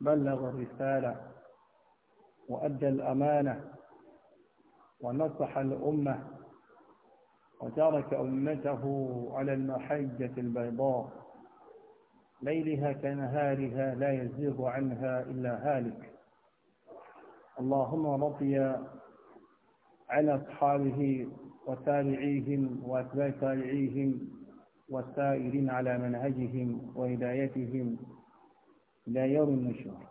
بلغ الرسالة وأدى الأمانة ونصح الأمة وترك أمته على المحجة البيضاء ليلها كنهارها لا يزيغ عنها إلا هالك اللهم رضي عن أصحابه وتابعيهم وأتباع تابعيهم والسائرين على منهجهم وهدايتهم إلى يوم النشور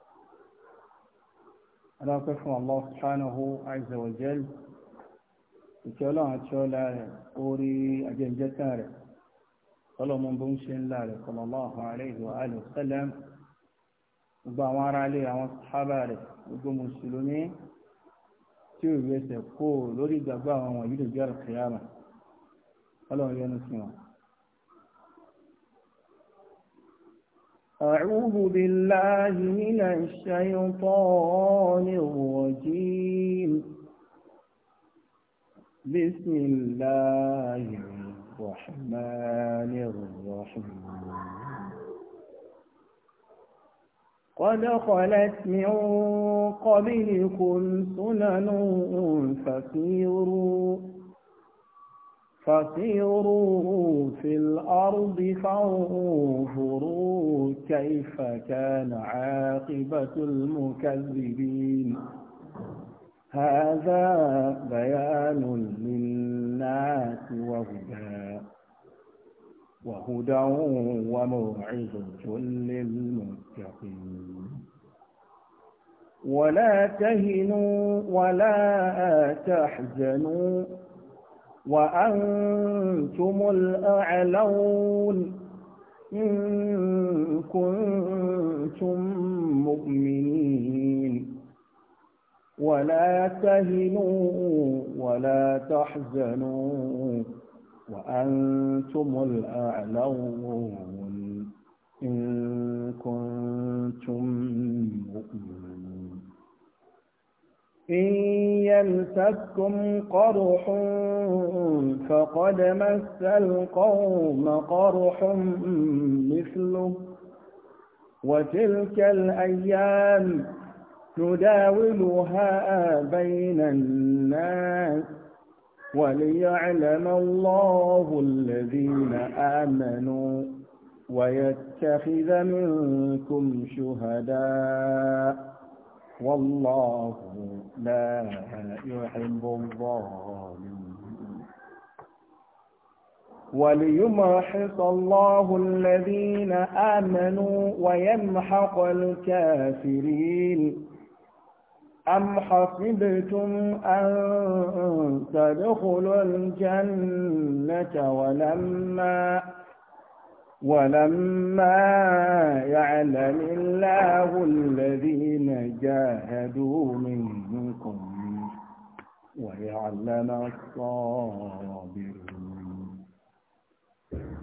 alákẹ́fún Allah subhanahu azza wa jal ìkẹ́ ọlọ́run àti ọlá rẹ̀ orí ajẹ́jẹ́ta rẹ̀ ọlọ́mọ bó ń ṣe ńlá rẹ̀ sallallahu alaihi wa alihi wa sallam gbogbo àwọn ará ilé àwọn sàhábà rẹ̀ gbogbo mùsùlùmí tí ò rí ẹsẹ̀ kó lórí ìgbàgbọ́ àwọn wọ̀nyí lójú àrùn kìyàmà ọlọ́run yọ́nú sí wọn أعوذ بالله من الشيطان الرجيم بسم الله الرحمن الرحيم قد خلت من قبلكم سنن فسيروا فسيروا في الأرض فانظروا كيف كان عاقبة المكذبين هذا بيان للناس وهدى وهدى وموعظة للمتقين ولا تهنوا ولا تحزنوا وأنتم الأعلون إن كنتم مؤمنين ولا تهنوا ولا تحزنوا وأنتم الأعلون إن كنتم مؤمنين إن يمسككم قرح فقد مس القوم قرح مثله وتلك الأيام نداولها بين الناس وليعلم الله الذين آمنوا ويتخذ منكم شهداء والله لا يحب الظالمين وليمحص الله الذين آمنوا ويمحق الكافرين أم حسبتم أن تدخلوا الجنة ولما ولما يعلم الله الذين جاهدوا منكم ويعلم الصابرين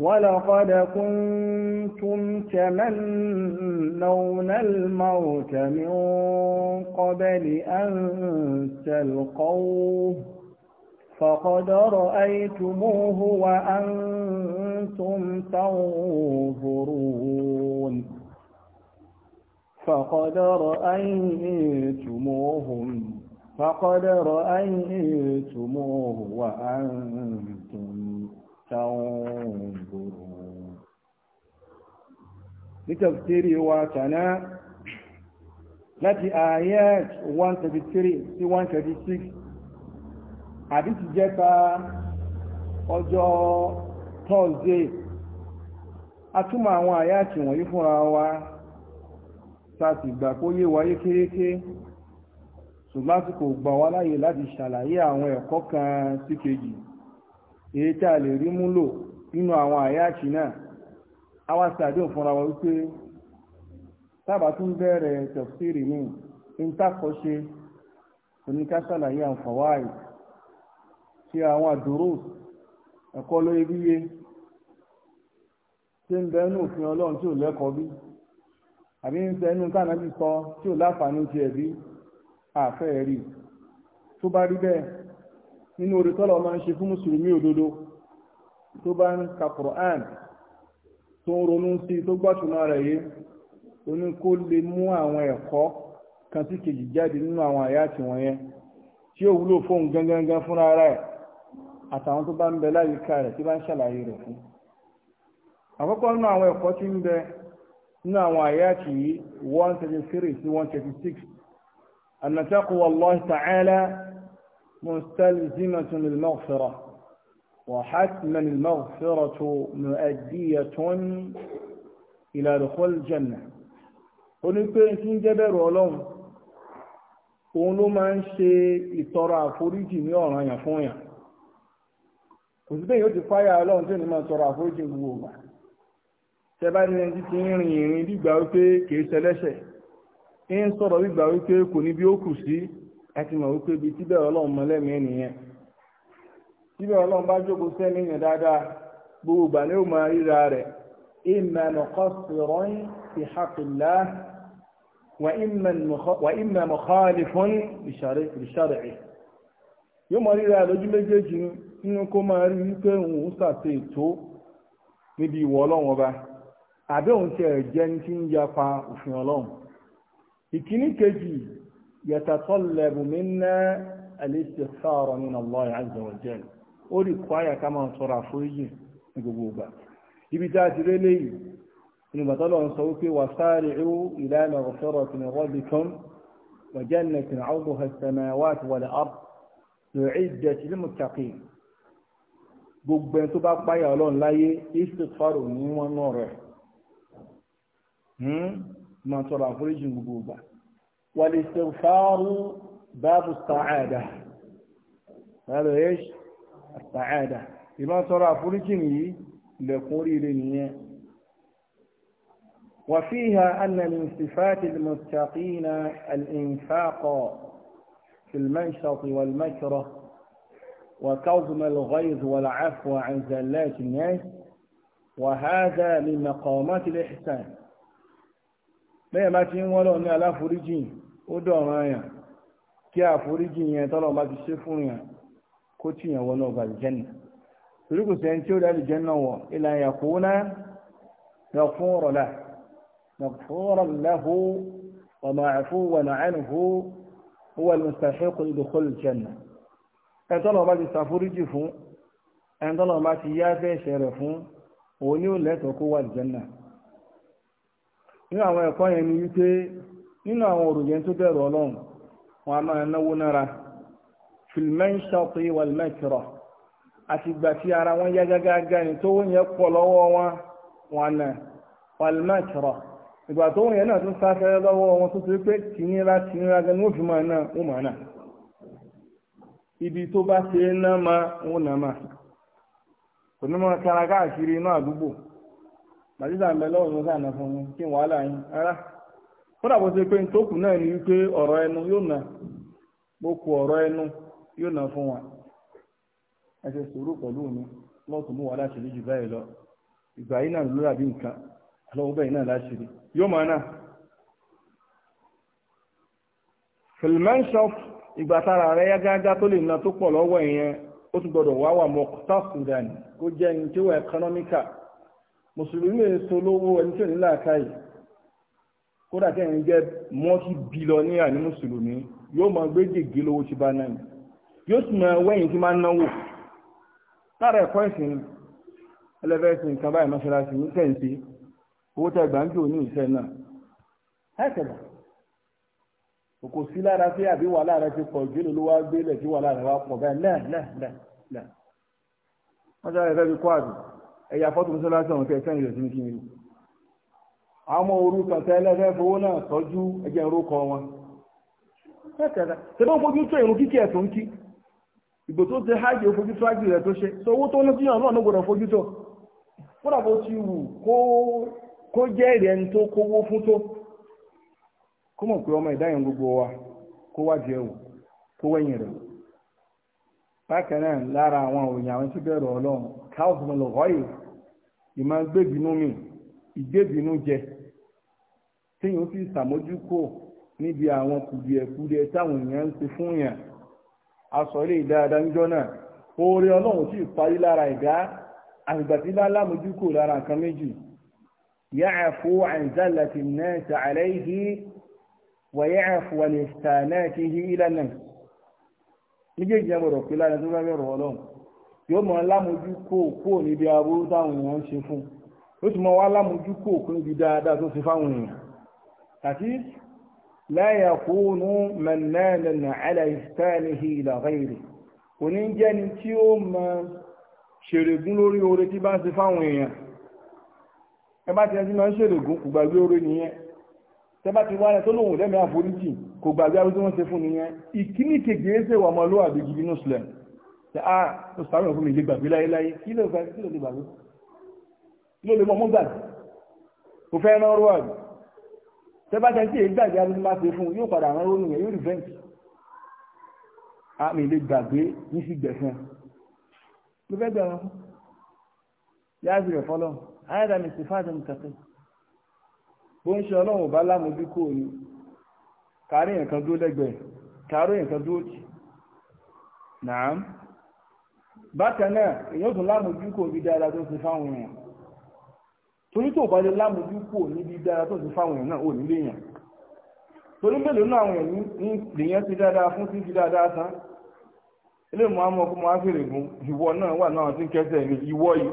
ولقد كنتم تمنون الموت من قبل أن تلقوه فقد رأيتموه وأنتم تنظرون فقد رأيتموهم فقد رأيتموه وأنتم تنظرون لتفسير واتنا التي آيات 133 to 136 àdìsí jẹ́ta ọjọ́ tọ́ọ̀zẹ́ atúmọ̀ àwọn àyàtì wọ̀nyí fúnra wa sáti gbà kó yé wáyé kéréké ṣùgbọ́n àsìkò gbà wá láyè láti ṣàlàyé àwọn ẹ̀kọ́ kan sí kejì èyí tí a lè rí múlò nínú àwọn àyàtì náà àwa sàdéhùn fúnra wa wípé tábà tún bẹ̀rẹ̀ tẹ̀fsírì ní ìtàkọ́ṣe oníkásàlàyé àǹfààní ṣe àwọn àdúró ẹ̀kọ́ lóye bíye tí ń bẹ nù òfin ọlọ́run tí ò lẹ́kọ̀ọ́ bí àbí ń sẹ́nu kánàbí sọ tí ò láǹfààní ti ẹ̀bí àfẹ́ rí tó bá rí bẹ́ẹ̀ nínú orí tọ́lọ̀ máa ń ṣe fún mùsùlùmí òdodo tó bá ń ka Qur'an tó ń ronú sí tó gbọ́tùmọ̀ rẹ̀ yé ó ní kó lè mú àwọn ẹ̀kọ́ kan sí kejì jáde nínú àwọn àyá àti wọ̀nyẹn tí ó wúlò fóun gangan fúnra rẹ̀ àtàwọn tó bá ń bẹ láyìíká rẹ̀ tí bá ń ṣàlàyé rẹ̀ fún àkọ́kọ́ nínú àwọn ẹ̀kọ́ tí ń bẹ nínú àwọn àyàtì yìí one thirty three sí one thirty six anna taqwa Allah ta'ala mustalzimatun lil-maghfirah wa hatman al-maghfiratu mu'addiyatun ila dukhul jannah ó tí ń jẹ́ bẹ̀rù ọlọ́run òun ló máa ń ṣe ìtọrọ àforíjì ní ọ̀ranyàn fún yàn kò sí bẹ́ẹ̀ yóò ti fáyà ọlọ́run tí ò ní máa tọrọ àforíjì gbogbo ògbà tẹ bá ní ẹni tí ń rìn ìrìn gbígbà wípé kìí ṣẹlẹ́ṣẹ̀ ń sọ̀rọ̀ gbígbà wípé kò ní bí ó kù sí àti mọ̀ wípé ibi tíbẹ̀ ọlọ́run mọ lẹ́mìí ẹnìyẹn tíbẹ̀ ọlọ́run bá jókòó sẹ́ni yẹn dáadáa gbogbo ìgbà ni ó máa ríra rẹ̀ ìmọ̀ nìkan sọ̀rọ̀ ń nínú kó máa rí wípé òun ṣàṣe ètò níbi ìwọ ọlọ́run ọba àbí òun ti ẹ̀jẹ̀ ní ti ń yapa òfin ọlọ́run ìkíní kejì yatatallabu minna al-istighfara min Allah azza wa jalla ó rí kwaya ká máa tọrọ àforíjì ní gbogbo ìgbà ibi tá a ti rí léyìí ni bàtọ́lọ̀ ń sọ wípé wasari'u ila maghfiratin min rabbikum wa jannatin 'arduha as-samawati wal-ardu 'iddat lil-muttaqin gbogbo ẹni tó bá páyà ọlọ́run láyé istikfaro ní wọ́n náà rẹ̀ máa tọrọ àforíjì gbogbo ìgbà wal istikfaru babu sa'ada báàbù ẹ̀ sàáàdà ìmọ̀ tọrọ àforíjì yìí lẹ̀kún oríire nìyẹn وفيها أن من صفات المتقين الإنفاق في المنشط والمكره وكظم الغيظ والعفو عن زلات الناس وهذا من مقامات الإحسان bẹ́ẹ̀ bá ti ń wọ́n lọ ní aláforíjìn ó dọ̀rọ̀ àyàn kí àforíjìn yẹn tọ́lọ̀ bá ti ṣe fún yàn kó tí yàn wọ́n náà bàjẹ́ jẹ́nà toríkù sẹ́yìn tí ó dá lè jẹ́ náà wọ̀ ìlànà yàkó náà مغفور له مغفورا له ومعفوا عنه هو المستحق لدخول الجنة ẹ̀ńtọ́nà bá ti ṣàforíjì fún ẹ̀ńtọ́nà bá ti yáfẹ́ ẹ̀ṣẹ̀ rẹ̀ fún òun ni niu lẹ́tọ̀ọ́ kó wà àlùjánnà nínú àwọn ẹ̀kọ́ yẹn ni wípé nínú àwọn òrùjẹ́ tó bẹ̀rù ọlọ́run wọn a máa náwó nára filmẹ́ńṣọ́pì wàlmẹ́kìrọ̀ àti ìgbà tí ara wọn yá gágágá ni tó wọ́n yẹn pọ̀ lọ́wọ́ wọn wọn nà wàlmẹ́kìrọ̀ ìgbà tó wọ́n yẹn náà sáfẹ́ lọ́wọ́ wọn tó ti pé gan máa wọ́n máa ibi tó bá ṣe ń ná ma ń nà ma kò ní káàkiri inú àdúgbò màdídà ń bẹ lọ́wọ́ ló sànà fún yín kí wàhálà yín rárá kódà bó ṣe pé ní tó kù náà ni wípé ẹnu yóò nà bó ku ọ̀rọ̀ ẹnu yóò nà fún wa ẹ ṣe pẹ̀lú mi lọ́ọ̀tún mú wàhálà jù báyìí lọ ìgbà yìí náà ló dàbí nǹkan lọ́wọ́ bẹ́ẹ̀ náà láṣìírí yóò ìgbà tára rẹ̀ yá gágá tó lè na tó pọ̀ lọ́wọ́ ìyẹn ó tún wá wà mọ́ tásùdàn kó jẹ́ ẹni tí ó wà ẹkọ́nọ́míkà mùsùlùmí ń so lówó ẹni tí ò ní làákà yìí kódà tí ẹni jẹ́ mọ́tì bílọ́níà ní mùsùlùmí yóò máa gbé gègé lówó tí bá náà yóò sì máa wẹ́yìn tí máa náwó lára ẹ̀kọ́ ìsìn mọ́ṣáláṣí ní owó kò sí lára pé àbí wàhálà rẹ ti pọ̀ jùlọ ló wá gbélé tí wàhálà rẹ wá pọ̀ bẹ́ẹ̀ náà náà náà náà. wọ́n sáré fẹ́ fi kó àdùn ẹ̀yà fọ́tò mọ́sálásí ọ̀hún tẹ̀ sẹ́yìn rẹ̀ sí kí ni. àwọn ọmọ orú kàtà ẹlẹ́fẹ́ fowó náà tọ́jú ẹ̀jẹ̀ ìrókọ wọn. ṣẹ́bọ́n fojú tó ìrún kíkẹ́ ẹ̀tọ́ kí ìgbò tó ti hájì fojú tó hájì rẹ̀ tó ṣe so owó tó ń lọ́sí ọ̀nà náà gbọ́dọ̀ fojú tó kó mọ̀ pé ọmọ ìdáyẹn gbogbo wa kó wá jẹ wò kó wẹ̀yìn rẹ̀ bákan náà lára àwọn òyìn àwọn tí bẹ̀rù ọlọ́run káwọ́sùn lọ họ́yè ìmọ̀ gbébinú mi ìgbébinú jẹ téèyàn sì ṣàmójúkò níbi àwọn kùdìẹ̀kùdìẹ̀ táwọn èèyàn ń ṣe fún yàn asọ̀rí ìdáadáa níjọ́ náà oore ọlọ́run sì parí lára ìdá àgbàtí lálámójúkò lára nǹkan méjì ya'fu 'an zallati an-nas wàyẹ́ẹ̀fù wà lè sàánà kí hí ìlànà méjèèjì ẹmọ̀ rọ̀ pé lára tó bá bẹ̀rù ọlọ́run yóò mọ̀ lámojú kó kó níbi aburú táwọn èèyàn ń ṣe fún ó ti mọ̀ wá lámojú kó kó níbi dáadáa tó ṣe fáwọn èèyàn kò ní jẹ́ ni tí ó mọ ṣèrègún lórí oore tí bá ń ṣe fáwọn èèyàn ẹ ti ẹ ti ṣèrègún kò gbàgbé nìyẹn tẹ́bá ti wáyé tó lóhùn lẹ́mìí àforíjì kò gbàgbé arúgbó wọn ṣe fún nìyẹn ìkíní kejì ẹsẹ̀ wà mọ́ lówà bí gidi muslim ṣe á ah, ó sáré ọ̀fun mi lè gbàgbé láyéláyé kí ló gbàgbé kí ló lè gbàgbé kí ló lè mọ́ mú gbàgbé kò fẹ́ rán ọrọ̀ àgbẹ̀ tẹ́bá tẹ́ sí èyí gbàgbé arúgbó máa ṣe fún yóò padà rán ọrọ̀ nìyẹn yóò rìvẹ́ǹtì á mi lè gbàgbé ní bó ń ṣe ọlọ́run bá lámojú kò ní kárí nǹkan lẹ́gbẹ̀ẹ́ kárí nǹkan tó jì náà bákan náà èyàn tún lámojú kò bí dára tó ti fáwọn èèyàn torí tó bá lè lámojú kò dára tó ti fáwọn èèyàn náà ò torí mélòó náà àwọn èèyàn ní fún ti dáadáa tán ilé ìwọ náà wà náà ń ìwọ yìí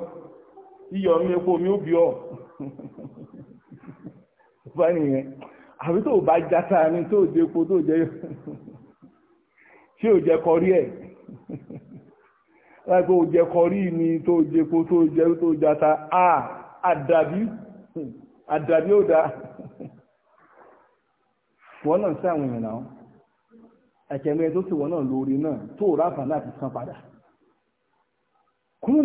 yíyọ mi epo mi ọ bá nìyẹn àbí tó bá játa ni tó jẹ epo tó jẹ ṣé ò jẹ kọrí ẹ láìpẹ́ ò jẹ kọrí ni tó jẹ epo tó jẹ tó játa a àdàbí àdàbí ò dáa wọ́n náà sí àwọn èèyàn náà ẹ̀kẹ̀mẹ́ tó sì wọ́n náà lórí náà tó ráfà láti san padà kúrú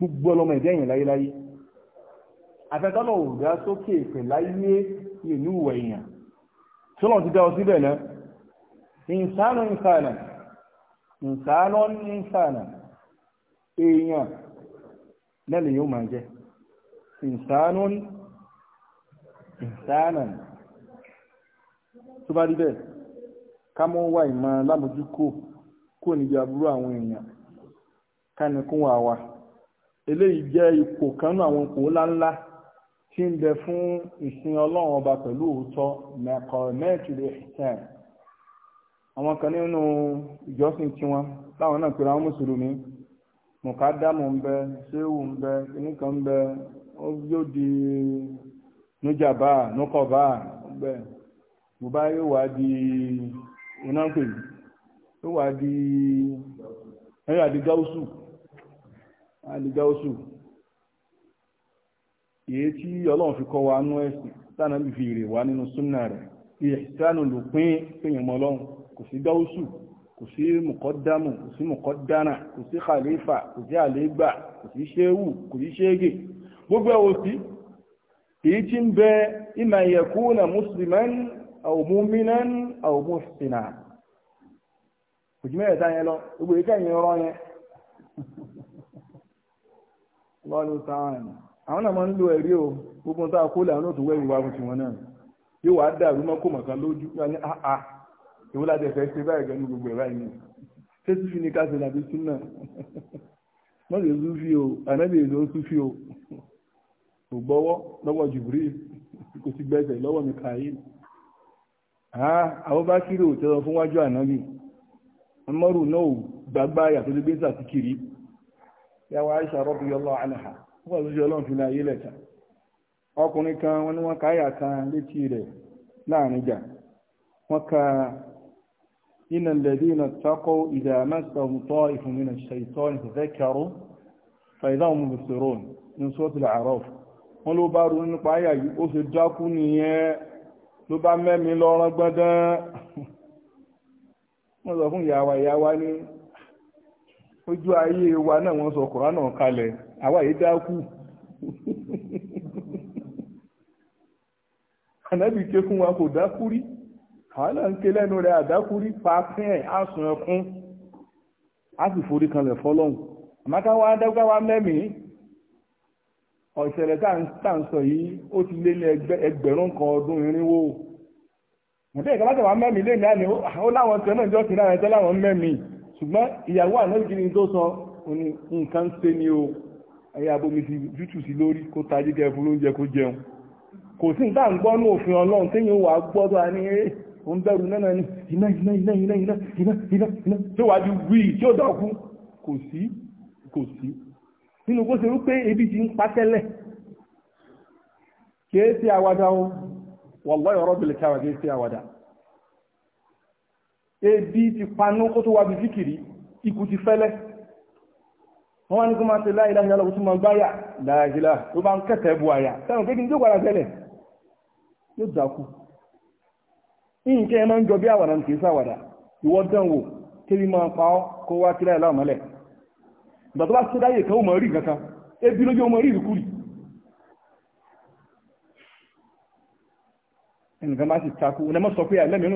gbogbo ọlọmọ afẹ́tọ́nà òdá sókè ìpè ìlú ìwẹ̀ èèyàn tí wọ́n ti dá ọ síbẹ̀ náà ìsánà ìsánà ìsánà ìsánà èèyàn lẹ́lẹ̀ yóò máa jẹ́ ìsánà ìsánà tó bá rí bẹ́ẹ̀ ká mọ́ wà ìmọ̀ lámójú àwọn èèyàn ká ní kún wa wa eléyìí jẹ́ ipò kan náà àwọn ipò ńláńlá tí ń bẹ fún ìsìn ọlọ́run ọba pẹ̀lú òótọ́ mẹ́kọ̀ọ́mẹ́tì lè ṣàn àwọn kan nínú ìjọsìn tiwọn láwọn náà pèrè àwọn mùsùlùmí mùkádàmù ń bẹ ṣéwù ń bẹ kìnnìkan ń bẹ ó yóò di nújàbá núkọ̀bá bẹ bùbá yóò wá di iná yóò wá di ẹ̀yà di gáúsù èyí tí ọlọ́run fi kọ́ wa nú ẹ̀sìn tánà bí fi rè wá nínú súnà rẹ̀ ìhsánù lùpín péyàn mọ́ ọlọ́run kò sí gáúsù kò sí mùkọ́dámù kò sí mùkọ́dánà kò sí khalifa kò sí àlégbà kò sí ṣéwù kò sí ṣéégè gbogbo ẹ̀wọ̀ sí èyí tí ń bẹ ìmà yakuna musliman aw mu'minan aw muhsina kò jù mẹ́rẹ̀ẹ́ta yẹn lọ gbogbo ìkẹyìn rọ yẹn lọ́lù àwọn náà máa ń lo ẹ̀rí o gbogbo tá a kó lẹ̀ àwọn náà tó wẹ̀ ìwà ohun tiwọn náà yóò wá dàrú mọ́ kó mọ̀kan lójú wá ní àhà ah, ah, èwo láti ẹ̀fẹ́ ṣe báyìí gan ní gbogbo ẹ̀ báyìí nìyí ṣé tún fi ní ká ṣe làbí sún náà wọ́n lè sún fi o ànábì èso ń sún fi o kò gbọ́wọ́ lọ́wọ́ jùbírí kò sì gbẹ́sẹ̀ lọ́wọ́ mi kàáyé àwọn bá kiri ò tẹ́lọ fún wájú ànábì ọmọrù náà gbàgbá yàtọ̀ lé gbé sàtìkiri yàwó àìsà radiyallahu anha wọ́n lójú ọlọ́run fi láyé lẹ́ta ọkùnrin kan wọ́n ní wọ́n káyà kan létí rẹ̀ láàrin ìjà wọ́n ka iná lẹ́dí iná takọ́ ìdá mẹ́sàmùtọ́ ìfúnmínà ṣàìtọ́ ìfẹ́kẹ̀rọ fàìdáwọn mùsùlùmí ní sọ́tìlà àrọ́f wọ́n ló bá ronú nípa àyà yìí ó ṣe dákú nìyẹn ló bá mẹ́mi lọ́rán gbọ́dán wọ́n sọ fún ìyàwó ìyàwó ní ojú ayé wa náà wọ́n sọ kùránà kalẹ̀ àwa yìí dákú ànábì ké fún wa kò dákú rí àwọn náà ń ké lẹ́nu rẹ̀ àdákú rí pàápín ẹ̀ á sùn ẹkún á sì forí kanlẹ̀ fọlọ́hùn àmọ́ká wa dágbá wa mẹ́mìí ọ̀sẹ̀lẹ̀ tá ń sọ yìí ó ti lé ní ẹgbẹ̀rún kan ọdún irinwó mọ̀tẹ́ ìkàlákà wa mẹ́mìí lé ní àná ó láwọn kan náà jọ́ kìnnà ẹ̀tọ́ láwọn mẹ́mìí ṣùgbọ́n ìyàwó àná ìkíni tó sọ nǹkan ṣe ni o ẹ̀yà abomi ti tútù sí lórí kó tají kẹ fún lóúnjẹ kó jẹun kò sí ní táà ń gbọ́ ní òfin ọlọ́run téèyàn wà gbọ́dọ̀ àní ẹ̀ ò ń bẹ̀rù náà ní iná iná iná iná iná iná iná iná tó wàá ju wí tí ó dọ̀kú kò sí kò sí nínú kó ṣe wípé ebi ti ń pa tẹ́lẹ̀ kìí ṣe àwàdà o wallahi rabbil káwà kìí ṣe àwàdà ebi ti panú kó tó wá bí síkìrì ikú ti fẹ́lẹ́ wọ́n wá ní kó máa ṣe láìláì láìláì lọ́wọ́ tó máa gbáyà láìláì tó bá ń kẹ̀kẹ́ bu àyà sẹ́wọ̀n pé kí n tó padà tẹ́lẹ̀ yóò dákú nǹkan ẹ máa ń jọ bí àwàdà kì í ṣàwàdà ìwọ dán wò kébí máa pa ọ́ kó wá sí láìláì mọ́lẹ̀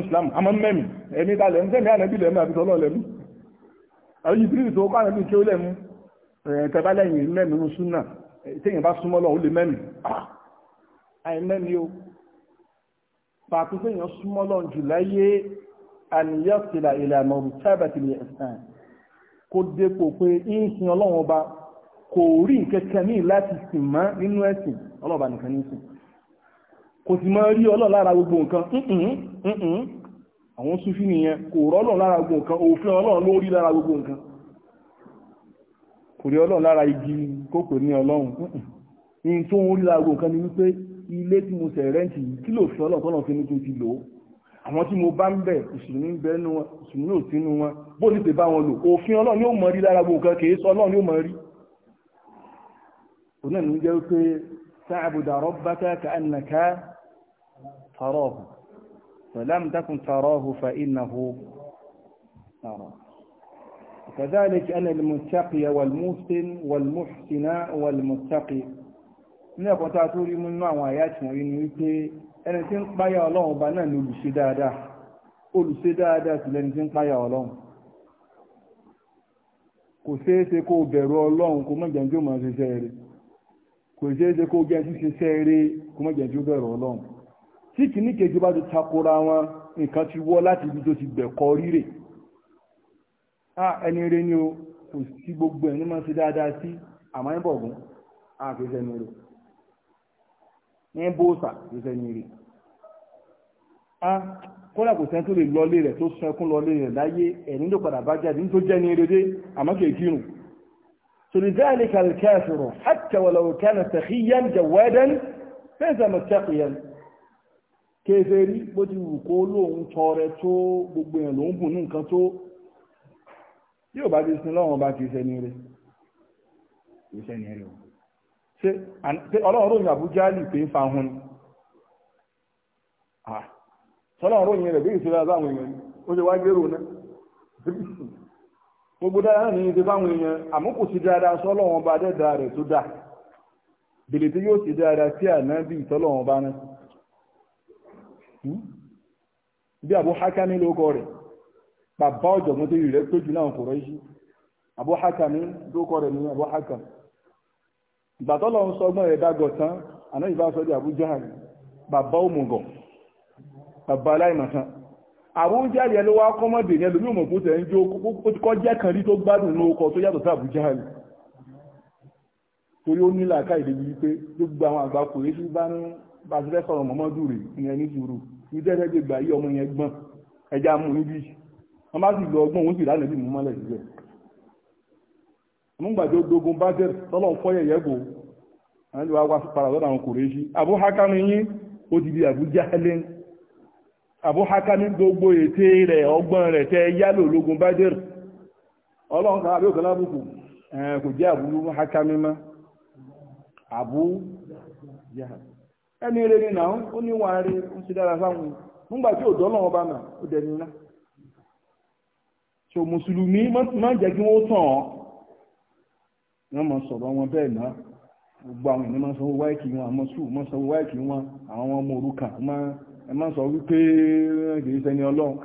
Islam àmọ́ mẹ́mì ẹ̀mí balẹ̀ ń fẹ́mi ànábì lẹ́mí àbí tọ́lọ́ lẹ́mí àbí Jibril ẹ̀ẹ́dẹ́gbà lẹ́yìn mẹ́mi ń súnà téèyàn bá súnmọ́ lọ ó lè mẹ́mi ah! àìmẹ́mi o pàtó téèyàn súnmọ́ lọ jù láyé àníyàn tìlà ìlànà òrùtábàtì ní ẹ̀sán kó dépò pé ń sin ọlọ́run ọba kò rí nkẹ́kẹ́ ní láti sìn mọ́ nínú ẹ̀sìn ọlọ́ọ̀bà nìkan ní sìn kò sì máa rí ọlọ́ọ̀ lára gbogbo nǹkan àwọn súnfì nìyẹn kò rọ́ ọlọ́ọ̀ lára gbogbo nǹkan òfin ọlọ́ọ̀ ló rí lára gbogbo nǹkan kò rí ọlọ́run lára igi kókò ní ọlọ́run ní tó ń rí láago nǹkan ni wípé ilé tí mo tẹ̀ rẹ́ǹtì yìí kí ló fi ọlọ́run tọ́lọ́ fi ní tó ti lò ó àwọn tí mo bá ń bẹ̀ ìṣùnú ń bẹ́nu wọn ìṣùnú ò sínú wọn bó ní pè bá wọn lò òfin ọlọ́run yóò mọ rí lára gbogbo nǹkan kì í sọ ọlọ́run yóò mọ rí òun náà ní jẹ́ pé ta'budu rabbaka ka'annaka tarahu wa lam takun tarahu fa كذلك أن المتقي والمحسن والمحسن والمتقي ní ẹ̀kọ́ tá من tó rí nínú àwọn àyà tí wọ́n rí ni wípé ẹni tí ń páyà ọlọ́run ọba náà ni olùṣe dáadáa olùṣe dáadáa sì lẹni tí ń páyà ọlọ́run kò ṣeé ṣe kó bẹ̀rù ọlọ́run kó mọ̀ jẹ́njú mọ̀ ṣiṣẹ́ rẹ̀ kò ṣeé ṣe kó o jẹ́njú ṣiṣẹ́ rẹ̀ kó mọ̀ jẹ́njú bẹ̀rù ọlọ́run tí kìíní kejì bá ti takora wọn nǹkan ti wọ́ láti ibi tó ti bẹ̀kọ́ rírè Ah, ẹni rẹ ni o kò sí gbogbo ẹ̀ ní máa ń ṣe dáadáa sí àmọ́ ẹ̀ bọ̀gún àfẹsẹ̀ ni rẹ̀ ní bóòsà àfẹsẹ̀ ni rẹ̀ a kọ́lá kò sẹ́ni tó lè lọlé rẹ̀ tó sun ẹkún lọlé rẹ̀ láyé ẹ̀ní ló padà bá jáde nítorí jẹ́ ní rere àmọ́ kì í kírun فلذلك الكافر حتى ولو كان سخيا جوادا ليس متقيا kèfèrí bó ti wù kó lóun tọrẹ tó gbogbo èèyàn ló ń bùn ní nǹkan tó tí ò bá ti sin lọ́wọ́n bá kìí sẹ́ni rẹ̀ kìí sẹ́ni rẹ̀ o ṣe ọlọ́run ròyìn àbújá lì pé ń fa hun ròyìn rẹ̀ bí èèyàn ó ṣe wá gbèrò náà gbogbo dáadáa ní ìṣe báwọn èèyàn bàbá ọ̀jọ̀gbọ́n tó yìí rẹ̀ pé jù náà kò rẹ́ yìí Abu Hakam ní lókọ rẹ̀ ní Abu Hakam ìgbà tó lọ́n sọ ọgbọ́n rẹ̀ dágọ̀ tán àná ìbá sọ di Abu Jahal bàbá òmùgọ̀ bàbá aláìmọ̀tán Abu Jahal yẹn ló wá kọ́mọ̀dé yẹn lómi òmùgọ̀ tẹ̀ ń jó ó ti kọ́ jẹ́ kan rí tó gbádùn lóko tó yàtọ̀ sí Abu Jahal torí ó nílà ká ìdèbí wípé gbogbo àwọn àgbà kò yéṣu bá ní bá fẹ́ sọ̀rọ̀ mọ́mọ́dù rè ìyẹn ní sùúrù ní dẹ́rẹ́gbẹ̀gbà yí ọmọ yẹn gbọ́n ẹja mú níbi wọ́n bá sì lo ọgbọ́n òun sì rà nẹ́bí mú mọ́lẹ̀ síbẹ̀ múgbàjọ́ dogun bá jẹ́ tọ́lọ̀ fọ́yẹ̀ yẹ́gbò àwọn ìwà wá para lọ́dọ̀ àwọn kòrèṣí Abu Hakam yín ó ti di Abu Jahlin Abu Hakam gbogbo ète rẹ̀ ọgbọ́n rẹ̀ tẹ́ yálò lógun bá jẹ́ ọlọ́run kan àbí òkan lábùkù eh, kò jẹ́ Abu Hakam mọ́ Abu Jahlin ẹni rẹ̀ ni náà ó níwà rẹ̀ ó ti dára sáwọn múgbàjọ́ òdọ́lọ́wọ́ bá náà ó dẹni náà so mùsùlùmí má jẹ́ kí wọ́n tàn ọ́ wọ́n máa sọ̀rọ̀ wọn bẹ́ẹ̀ náà gbogbo àwọn ènìyàn máa sanwó wáìkì wọn àmọ́ sùúrù máa sanwó wáìkì wọn àwọn ọmọ òrukàn ẹ má sọ wípé kìí ṣẹni ọlọ́run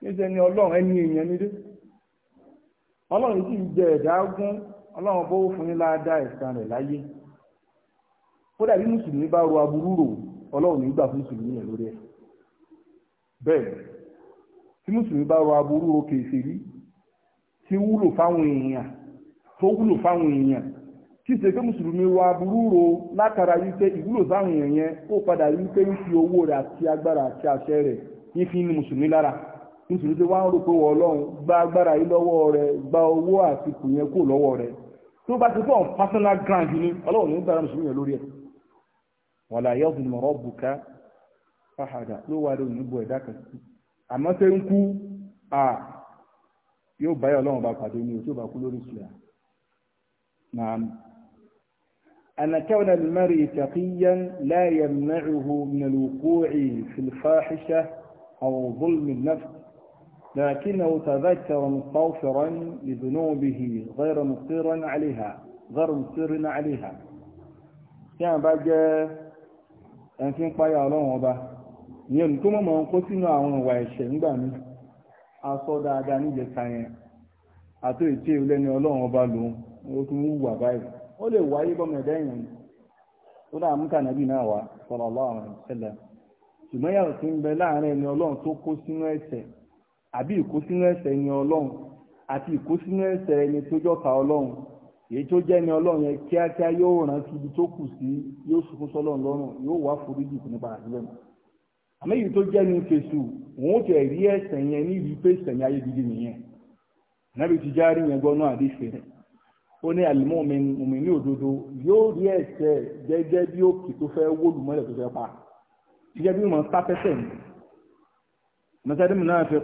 kìí ṣẹni ọlọ́run ẹni èèyàn nílé ọlọ́run sì ń jẹ ẹ̀dá gún ọlọ́run bó fún ní láàdá ẹ̀san rẹ̀ láyé kódà bí mùsùlùmí bá ro aburú rò ọlọ́run nígbà fún mùsùlùmí yẹn lórí ẹ̀ bẹ́ẹ̀ tí mùsùlùmí bá rọ aburú òkè ìṣèlú tí wúlò fáwọn èèyàn tó wúlò fáwọn èèyàn tí ṣe pé mùsùlùmí rọ aburú látara wípé ìwúlò fáwọn èèyàn yẹn ó padà wípé ń fi owó rẹ àti agbára àti àṣẹ rẹ ní fi ní mùsùlùmí lára gba agbára yìí lọ́wọ́ gba owó àti yẹn lọ́wọ́ tó bá personal grand ni ọlọ́run gbára mùsùlùmí yẹn lórí ẹ̀ wàlàyé ọ̀gbìn mọ̀rọ̀ bùkà fàhàdà ló wà ẹ̀dá kan àmọ́ tẹ́ ń kú à yóò báyọ̀ ọlọ́run bá pàdé ní oṣù bá kú lórí ìṣúra náà أن كون المرء تقيا لا يمنعه من الوقوع في الفاحشة أو ظلم النفس لكنه تذكر مستغفرا لذنوبه غير مصيرا عليها غير مصير عليها tí a bá jẹ́ ẹni tí ń páyà ọlọ́run ọba ìyẹn ní tó mọ̀mọ́ kó sínú àwọn ìwà ẹ̀ṣẹ̀ ńgbà mi a sọ dáadáa níjẹta yẹn àti ètí ọlọ́run ọba lo ó tún wùwà báyìí ó lè wáyé bọ́mọ ẹ̀dá ó dà múkà nàbì náà wá sallallahu alaihi wasallam ṣùgbọ́n yàtọ̀ sí ń bẹ láàárín ẹni ọlọ́run tó kó sínú ẹ̀ṣẹ̀ àbí ìkó sínú ẹ̀ṣẹ̀ ẹni ọlọ́run àti ìkó sínú ẹ̀ṣẹ̀ ẹni tó jọ́ta ọlọ́run èyí tó jẹ́ ọlọ́run yẹn kíákíá yóò rántí ibi tó kù sí yóò lọ́rùn yóò àmẹ́yìí tó jẹ́ ní fèsù wọn ó tẹ̀ rí ẹ̀sẹ̀ yẹn ní ìlú pé sẹ̀yìn ayé gidi nìyẹn nàbí ti já rí yẹn gbọ́nú àdéṣe rẹ̀ ó ní àlùmọ́ omi ní òdodo yóò rí ẹ̀sẹ̀ gẹ́gẹ́ bí òkè tó fẹ́ wólu mọ́lẹ̀ tó fẹ́ pa gẹ́gẹ́ bí wọn sáfẹ́sẹ̀ ní mẹsàdínmù náà fẹ́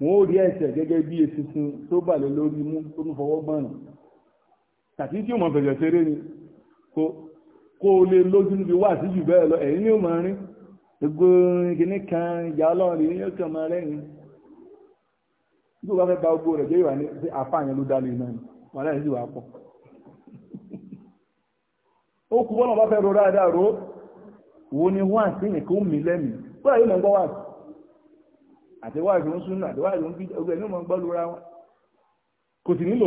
wọn ó rí ẹ̀sẹ̀ gẹ́gẹ́ bí eṣinṣin tó balẹ̀ lórí mú tó ń fọwọ́ gbọ́n tàbí tí wọn fẹ̀fẹ̀ ṣeré lè lójú níbi wá sí bẹ́ẹ̀ lọ ẹ̀yìn ni ó máa rín gbogbo ìgbìní kan ìjà ọlọ́run ní ọkàn máa rẹ́yìn tó bá fẹ́ rẹ̀ jẹ́ ìwà ní àfáàyàn ló dálé náà wà láì sí ìwà pọ̀ ó kú bọ́lọ̀ bá fẹ́ ro dáadáa ro wo ni wá sí nìkan mi lẹ́mì ó yà yóò mọ̀ gbọ́ wà sí àti ń sún ń bí ọgbẹ́ lura wọn kò sì nílò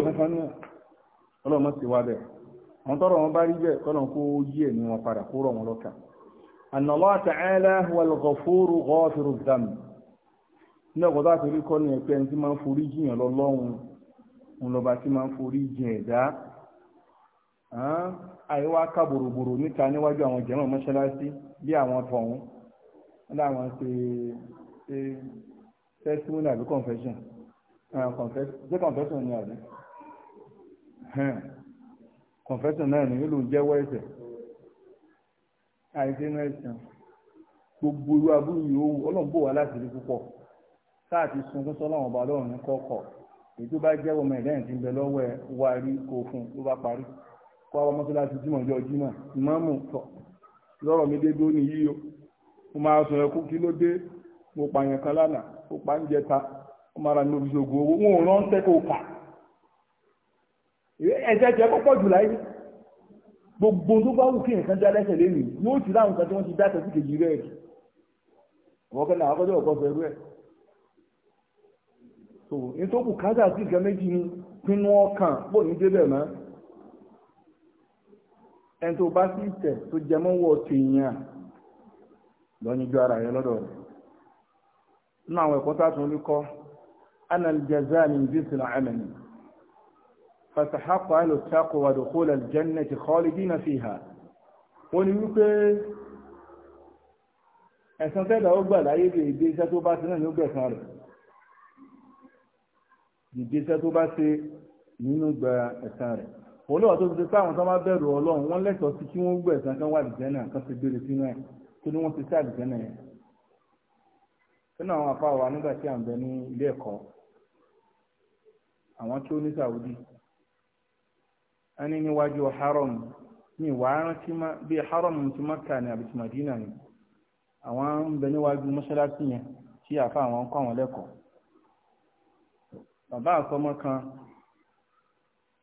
أن الله تعالى هو الغفور غافر الذنب ní ọ̀gọ́dá àtòrí kọ́ ní ẹ̀pẹ́ tí máa ń forí jìyàn lọ́lọ́run òun lọ́ba tí máa ń forí jìn ẹ̀dá àìwá ká bòròbòrò níta níwájú àwọn jẹ̀mọ́ mọ́ṣáláṣí bí àwọn tọ̀hún wọ́n láwọn ṣe ṣe testimony àbí confession ṣé confession ni àbí confession náà ni nílùú jẹ́wọ́ ẹ̀ṣẹ̀ àìsínú ẹ̀sìn gbogbo irú abúrú yòówù ọlọ́run bò wá láti rí púpọ̀ sáà ti sunkún sọ́lọ́run ọba ọlọ́run ní kọ́kọ́ èyí tó bá jẹ́ ọmọ ẹ̀dá ẹ̀ ti ń bẹ lọ́wọ́ ẹ wá rí kó fún ló bá parí kó àwọn mọ́sálásí jímọ̀ ọjọ́ jímọ̀ ìmáàmù tọ̀ lọ́rọ̀ mi dé dóní yí o mo máa sọ ẹkú kí ló dé mo pààyàn kan lánàá mo pa ń jẹta mo máa ra ní oṣù ògùn owó wọn ò rán tẹ́kọ̀ọ́ kà ẹ̀jẹ̀ jẹ́ kọ́kọ́ jù láyé gbogbo tó bá wù kí nǹkan já lẹ́sẹ̀ lé nìyí yóò ti láwọn nǹkan tí wọ́n ti dáta sí kejì rẹ̀ rí àwọn kan náà akọ́jọ́ ọ̀kọ́ fẹ́ rú ẹ̀ so nítorí kù kájà sí nǹkan méjì ni pinnu ọkàn pò ní débẹ̀ mọ́ ẹni tó bá sí ìtẹ̀ tó jẹ mọ́ wọ tèèyàn lọ́nyíjú ara rẹ lọ́dọ̀ rẹ̀ nínú àwọn ẹ̀kọ́ tá a kọ́ anal jazaa min jinsil amali fàtàhàkọ̀ alòtàkọ̀ التقوى dòkólà الجنة خالدين فيها. fiha ó ní wípé ẹ̀sán tẹ́lá ó gbà láyé bí ìgbésẹ̀ tó bá ti náà ló gbẹ̀sán rẹ̀ ìgbésẹ̀ tó bá ti nínú gba ẹ̀sán rẹ̀ olóòwò tó ti ti sáwọn tó máa bẹ̀rù ọlọ́run wọ́n lẹ́tọ̀ọ́ sí kí wọ́n gbẹ̀sán kan wà lìjẹ́nà kan ti gbére sínú ẹ̀ tó ní wọ́n ti sáà lìjẹ́nà yẹn sínú àwọn àfa wa à ń bẹ ní ilé ẹ̀kọ́ àwọn tí ní sàwùdí a ní níwájú haram ní ìwárán bí haram ti maka ní àbí ti madina ni àwọn ń bẹ níwájú mọ́ṣáláṣí yẹn tí àfa àwọn kọ́ àwọn lẹ́kọ̀ọ́ bàbá àsọmọ kan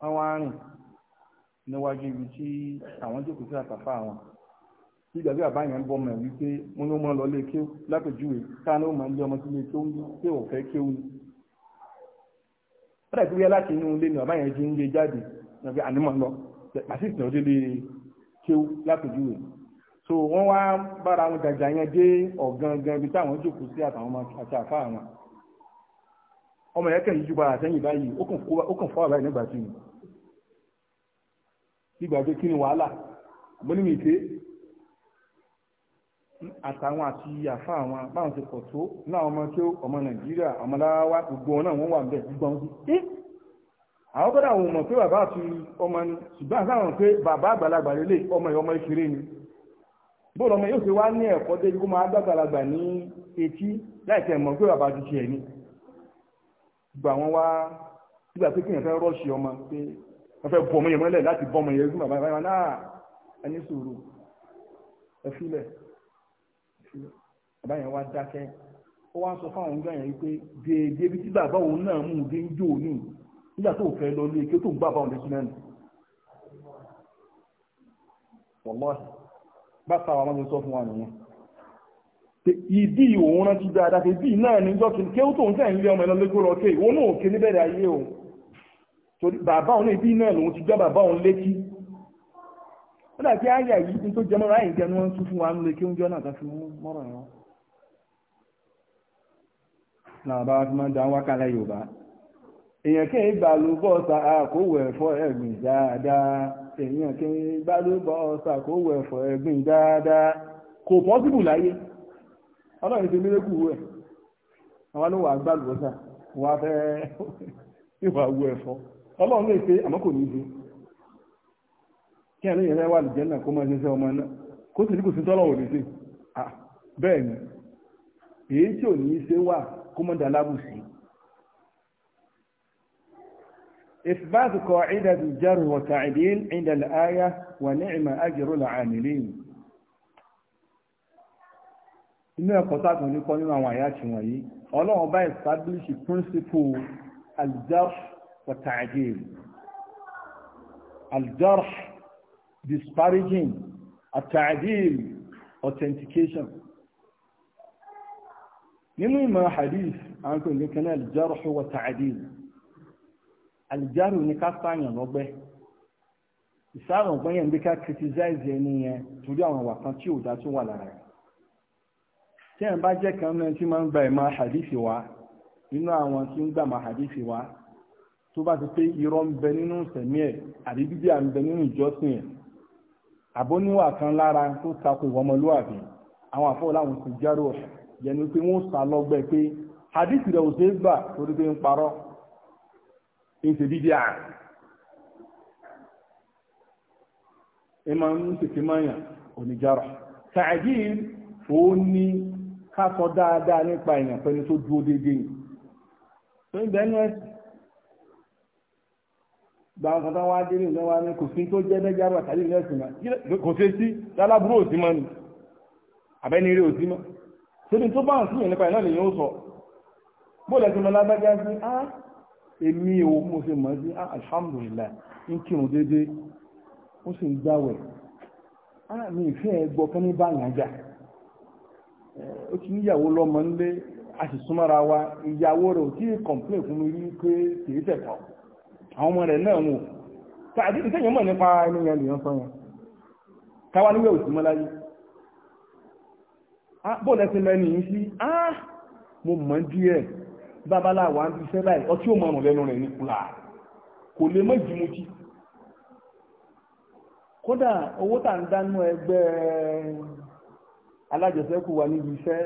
wọ́n wá rìn níwájú ibi tí àwọn jókòó sí àtàfà àwọn tí ìgbà bí bàbá yẹn ń bọ ọmọ ẹ wípé wọn ló mọ lọ lé kéwù lápèjúwe táwọn ló máa ń lé ọmọ sílé tó ń pè ò fẹ́ kéwù ni. bẹ́ẹ̀ tó yẹ láti inú ilé ni bàbá yẹn ti ń gbé jáde nàbí ànímọ̀ lọ pàṣẹ ìtàn délé kéw látòjúwe so wọ́n wá bára wọn jàjà yẹn dé ọ̀gangan ibi táwọn jókòó sí àtàwọn ọmọ àti àfa àwọn ọmọ yẹn kẹ́yìn ju bàrà sẹ́yìn báyìí ó kàn fọ́ àbáyé nígbà tí mi nígbà pé kí ni wàhálà àbọ̀ nínú ìké àtàwọn àti àfa àwọn báwọn ti pọ̀ tó náà ọmọ tó ọmọ nàìjíríà ọmọ láwá gbogbo náà wọ́n wà bẹ́ẹ̀ gbogbo àwọn sí àwọn bọ́dà àwọn ọmọ pé bàbá àti ọmọ ni ṣùgbọ́n àtàwọn pé bàbá àgbàlagbà lélẹ̀ ọmọ ìyọmọ ìṣeré ni bóòlù ọmọ yóò ṣe wá ní ẹ̀kọ́ débi kó máa dàgbàlagbà ní etí láìsí ẹ̀mọ́ pé bàbá ti ṣe ẹ̀ ní gbogbo àwọn wá nígbà pé kíyàn fẹ́ rọ́ọ̀ṣì ọmọ pé wọ́n fẹ́ bọ́ ọmọ yẹn mọ́lẹ̀ láti bọ́ ọmọ yẹn gún bàbá yẹn náà ẹni sòrò ẹ filẹ̀ bàbá yẹn wá dákẹ́ ó wá sọ fáwọn ọ̀gá yẹn pé déédéé bí tí bàbá òun náà mú un dé ń jò níyì nígbà tó fẹ́ lọ lé kí ó tó ń gbà bá ọ̀dẹ́ súnmẹ́nu wọ́lọ́ọ̀sì bá sáwà máa ń sọ fún wa nìyẹn ìdí òun rántí dáadáa fi bí náà ní jọ́kì kí ó tó ń fẹ́ ilé ọmọ ẹlọ́lẹ́gbọ́ lọ kí òun náà kí níbẹ̀rẹ̀ ayé òun torí bàbá òun ìbí náà lòun ti gbá bàbá òun létí ó dàbí àyà yìí ní tó jẹ mọ́ra àyìn jẹ́ ni wọ́n ń fún wa ń kí oúnjẹ náà fi mú mọ́rọ̀ ẹ̀rọ náà bá fi máa ń da wákàlá Yorùbá èèyàn kí n bàlúbọ̀ sàá kó wẹ̀ fọ́ ẹ̀gbìn dáadáa èèyàn kí n bàlúbọ̀ sàá kó wẹ̀ ẹ̀gbìn dáadáa kò pọ́sibù láyé ọlọ́run ti àwọn ló wà fẹ́ ìwà wù ẹ̀fọ́ ọlọ́run lè ṣe àmọ́ kò ní í ṣe kí ẹni yẹn wà lùjẹ́ náà kó máa ṣe iṣẹ́ bẹ́ẹ̀ ni èyí tí ò ní í إثبات قاعدة الجر والتعديل عند الآية ونعم أجر العاملين inú ẹ̀kọ́ sáàtùn ní kọ́ nínú àwọn àyáàtì wọ̀nyí ọlọ́run bá establish principle aljarh wa ta'jil disparaging التعديل authentication nínú ìmọ̀ hadith àwọn kò ní kanáà aljarh àlìjárò ni ká pààyàn lọ́gbẹ́ ìsáàrùn ọ̀gbọ́n yẹn ń gbé ká criticize ẹni yẹn torí àwọn ìwà kan tí ò dá tó wà lára rẹ̀ tí ẹ̀ ń bá jẹ́ kan náà tí máa ń gba ìmọ̀ àdìsí wa nínú àwọn tí ń gbà máa àdìsí wa tó bá ti pé irọ́ ń bẹ nínú ìsẹ̀mí ẹ̀ àbí bíbí à ń bẹ nínú ìjọsìn ẹ̀ àbóníwà kan lára tó takò ìwà àwọn àfọwọ́ ti járò yẹn ni pé wọ́n sá lọ́gbẹ́ pé àdìsí rẹ̀ ò ń ṣe bídíà ẹ máa ń tètè máa yàn oníjàrá tàdín òun ni ká sọ dáadáa nípa èèyàn pẹ̀lú tó dúró déédéé yìí tó ń bẹ́ẹ̀ ní ẹ̀sìn gbàǹkan tó wá délé ní wá ní kò sí tó jẹ́ mẹ́jàrá tàbí àbẹ́ni eré òsì mọ́ tóbi tó bá ń síyàn nípa ìnáà lèyìn ó sọ bó lẹ́sìn mọ́ lágbájá sí á èmi o mo ṣe mọ̀ sí ah, alhamdulillah ń kírun dédé ó sì ń gbáwẹ̀ ara ah, mi ìfẹ́ ẹgbọ́ kan ní báyàn jà ó ti níyàwó lọ́mọ nílé a sì súnmọ́ra wa ìyàwó rẹ̀ ò tí ì kọ̀m̀pé fún mi rí pé kìí tẹ̀kọ̀ àwọn ọmọ rẹ̀ náà wò tàbí ìtẹ́yìn mọ̀ nípa ẹni yẹn lèèyàn sọ yẹn káwá níwẹ̀ òsì mọ́ láyé ah, bóòlù ẹsẹ̀ mẹ́ni yìí sí mo mọ̀ díẹ̀ babalá wa ń bí báyìí ọtí ò mọ̀rùn lẹ́nu rẹ̀ ní kula kò lè mọ̀ ìdìmútì kódà owó tà ń dánú ẹgbẹ́ alájọsẹ́kù wa níbi iṣẹ́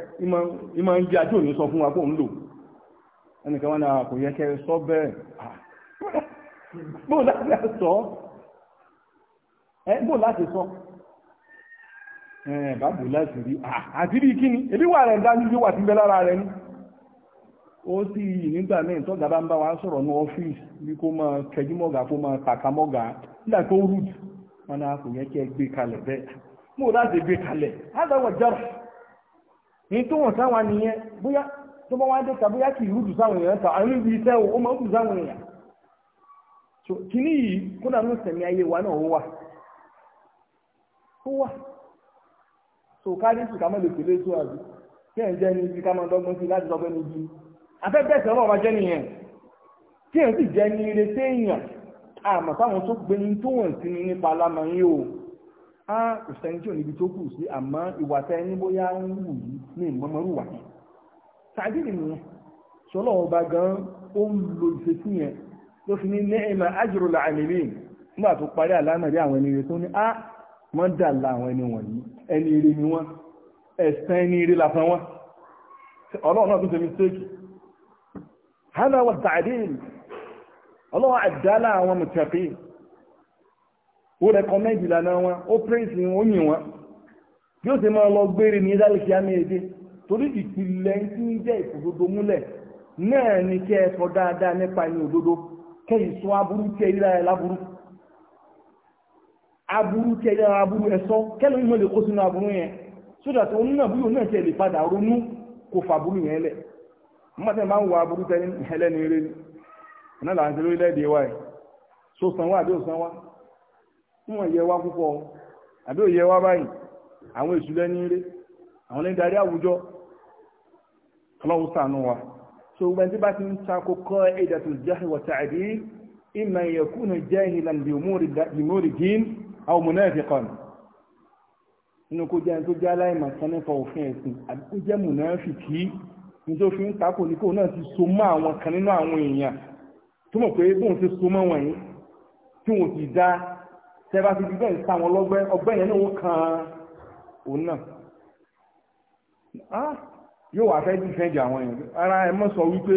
ìmọ̀ ń jẹ́ ajé òní sọ fún wa kó ń lò ẹnìkan kò yẹ sọ bẹ́ẹ̀ bó láti sọ bó láti sọ láti rí àti rí kíni wà rẹ̀ wà sí bẹ́ lára rẹ̀ ni. ó sì nígbà míì tọ́gà bá ń bá wa sọ̀rọ̀ ní ọ́fíìsì bí kó máa kẹjú mọ́gà kó máa kàkà mọ́gà nígbà tó rú wọn náà kò yẹ kí ẹ gbé kalẹ̀ bẹ́ẹ̀ mo láti gbé kalẹ̀ ádáwọ̀ jára ní tó wọ̀n sáwọn nìyẹn bóyá tó bá wá dé bóyá kì í rúdù sáwọn èèyàn ta àwọn ibi iṣẹ́ ó máa ń sáwọn so yìí ló sẹ̀mí ayé wa náà ó wà tó ká afẹ́bẹ̀ẹ́sẹ̀ ọlọ́ọ̀bá jẹ́ nìyẹn tí èyàn sì jẹ́ ní ire tí èyàn àmọ̀ táwọn tó gbé ní tó wọ̀n sí ní nípa aláma yìí o á kò sẹ́ni tí ò níbi tó kù sí àmọ́ ìwà tẹ́ ní bóyá ń wù yìí ní ìmọ̀mọ́rú wà yìí tàbí nìyẹn sọlọ́ ọba gan ó ń lo ìfẹ́sí yẹn ló fi ní ní ìmọ̀ ájúrò làmìlì nígbà tó parí àlámẹ̀rí àwọn ẹni ire tó ní á wọ́n dà la àwọn ẹni wọ̀nyí ẹni ire ni wọ́n ẹ̀sán ẹni ire làfẹ́ wọn ọlọ́run náà tún ṣe mistake هذا هو التعديل الله àdálà àwọn mùtẹ̀kì ó recommend ìlànà wọn ó praise ni ó yìn wọn bí ó sì máa lọ gbére ní ìdálẹ́kì àmìyèdè torí ìpìlẹ̀ tí ń jẹ́ ìfòdodo múlẹ̀ náà ni kí ẹ sọ dáadáa nípa ẹni òdodo kẹ́ ìsọ aburú kí ẹ ríra ẹ láburú aburú kí ẹ ríra aburú ẹ sọ kẹ́lẹ́ ìmọ̀ lè kó sínú aburú yẹn sódà tó onínàbúrò náà ti ẹ̀ lè padà ronú kò fàbúrú yẹn lẹ̀ mọ́tẹ́ máa ń wà burú tẹ́lẹ̀ ẹlẹ́ni eré náà là ń ṣe lórílẹ̀-èdè wa ẹ̀ so sanwó àbí ò sanwó yẹ wá púpọ̀ àbí ò wá báyìí àwọn èṣù lẹ́ni eré àwọn lẹ́ni darí àwùjọ ọlọ́run ṣàánú wa so gbẹ́ni tí bá ti ń sako kọ́ ẹ̀dà tó jẹ́ wọ̀ tàbí ìmọ̀ ìyẹ̀kùnú jẹ́ ìlànà ìmúrì dín àwọn ọmọ náà fi kọ́ ni inú kó jẹ́ tó jẹ́ aláìmọ̀ kan òfin ẹ̀sìn àbí kó jẹ́ mùnáfìkì nítorí fi ń takò ní kóun náà ti so mọ́ àwọn kan nínú àwọn èèyàn tó mọ̀ pé bóun ti so mọ́ wọ̀nyí tí wọn sì dá tẹ́bá ti di bẹ́ẹ̀ ń sáwọn lọ́gbẹ́ ọgbẹ́ yẹn náà wọ́n kan òun náà ah, yóò wá fẹ́ dìfẹ́ǹdì àwọn èèyàn ara ẹ mọ́ sọ wípé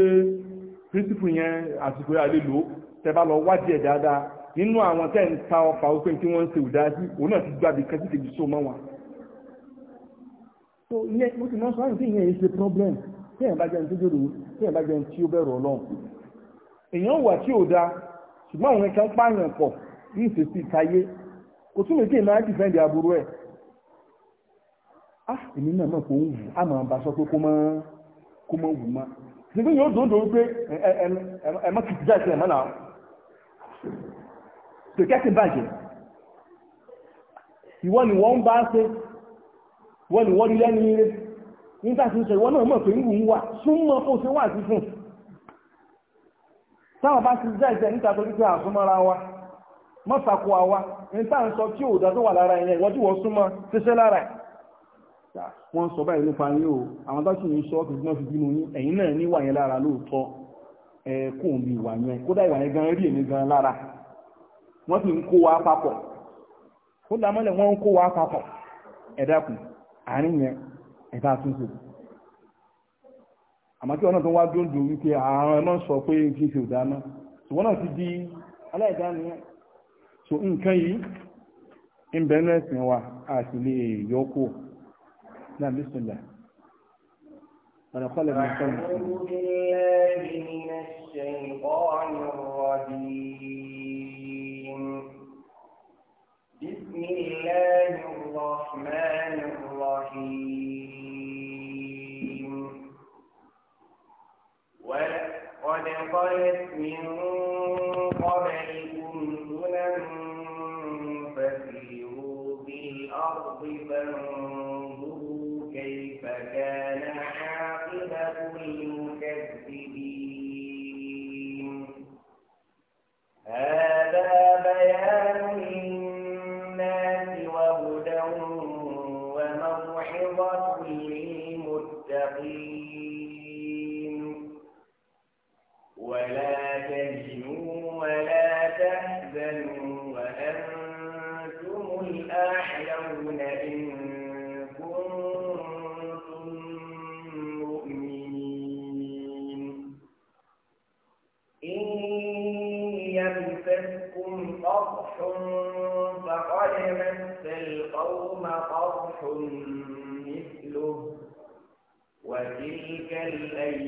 príncipù yẹn àsìkò yà lè lò ó tẹ́bá lọ wádìí ẹ̀ dáadáa nínú àwọn tẹ́ ń ta ọfà wípé tí wọ́n ń ṣe òdá sí òun náà ti gbàgbé kan sí kejì so mọ́ wọn. so ìyẹn mo ti mọ sọ àyùntí ìyẹn yìí ṣe problem tí èèyàn bá jẹun tó jòrò tí èèyàn bá jẹun tí ó bẹ̀rù ọlọ́run èèyàn wà tí ò da ṣùgbọ́n àwọn ẹ̀ka ń pààyàn pọ̀ ní ìfèsì ìtayé kò túnbọ̀ kí èèyàn á dìfẹ́ǹdì aburú ẹ̀ á ah, èmi náà mọ̀ pé ó ń wù á máa bá sọ pé kó mọ́ kó mọ́ wù má ṣùgbọ́n yóò dòdò pé ẹ má kìí jáde ẹ̀ mọ́ náà tòkẹ́ ti bàjẹ́ ìwọ ni wọ́n ń bá ṣe ìwọ ni wọ́n ní lẹ́nu nígbà tí ń sọ náà mọ̀ pé ń wù ń wà súnmọ́ kó ṣe wà sí fún táwọn bá ti jẹ́jẹ́ níta wọ́n sọ báyìí nípa yín o àwọn tó sì sọ ọ́kùnrin náà fi bínú yín ẹ̀yin náà níwà yẹn lára lóòótọ́ ẹ kò ń bi ìwà yẹn gan rí èmi gan lára wọ́n sì ń kó wa papọ̀ kódà mọ́lẹ̀ wọ́n ń kó wa papọ̀ ẹ àárín yẹn ẹ̀bá túnṣe àmọ́ kí ọ̀nà tó wá dúndù wípé àwọn ẹ̀mọ́ sọ pé kí n ṣe òdáná di náà ti di so nǹkan yìí ń bẹ ẹ̀sìn wa a sì lè yọkó náà ọ̀nà من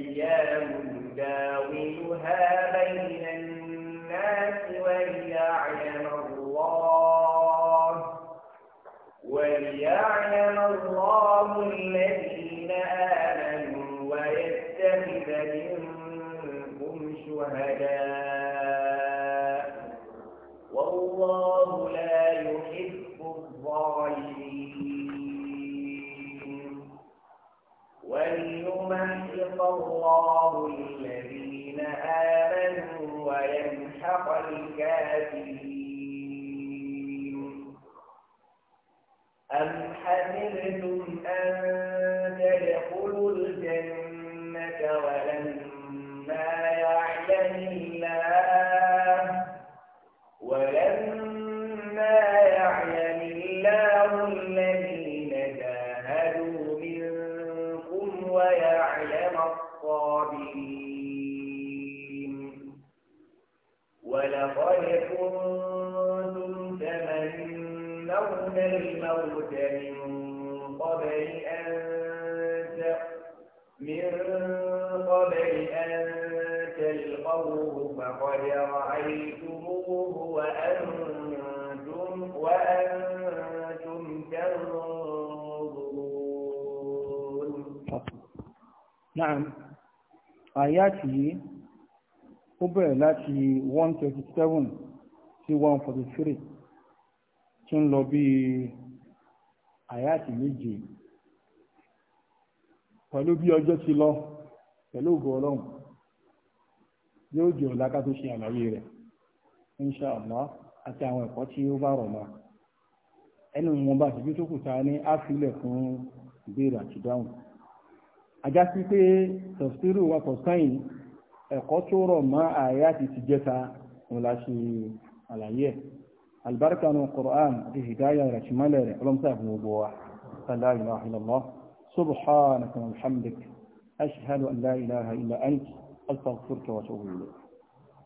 أيام داولها بين الناس وليعلم الله وليعلم الله الذين آمنوا ويتخذ منكم شهداً يرزق الله الذين آمنوا ويمحق الكافرين أم حسبتم أن تدخلوا الجنة ولا لقد كنتم تمنون الموت من قبل أن من قبل أن تلقوه فقد رأيتموه وأنتم وأنتم تنظرون. نعم آياته ó bẹ̀rẹ̀ láti one twenty seven sí one forty three tí ń lọ bí àyàtì méje pẹ̀lú bí ọjọ́ ti lọ pẹ̀lú ògo ọlọ́run yóò jẹ́ ọ̀la tó ṣe àlàyé rẹ̀ insha Allah àti àwọn ẹ̀kọ́ tí ó bá rọ̀ mọ́ ẹnu wọn bá ṣubú tó kù ta ní àfilẹ̀ fún ìbéèrè àti dáhùn ajá sí pé tafsiru wa tọ̀sán yìí ẹ̀kọ́ tó rọ̀ mọ́ àyà ti ti jẹta òun la ṣe àlàyé ẹ̀ albarka nu qur'an àti hidaya rẹ̀ ṣùmọ́lẹ̀ rẹ̀ ọlọ́mọsá fún gbogbo wa la ilaha illallah subhanaka walhamdik ashhadu an ilaha illa ant astaghfiruka wa atubu ilayk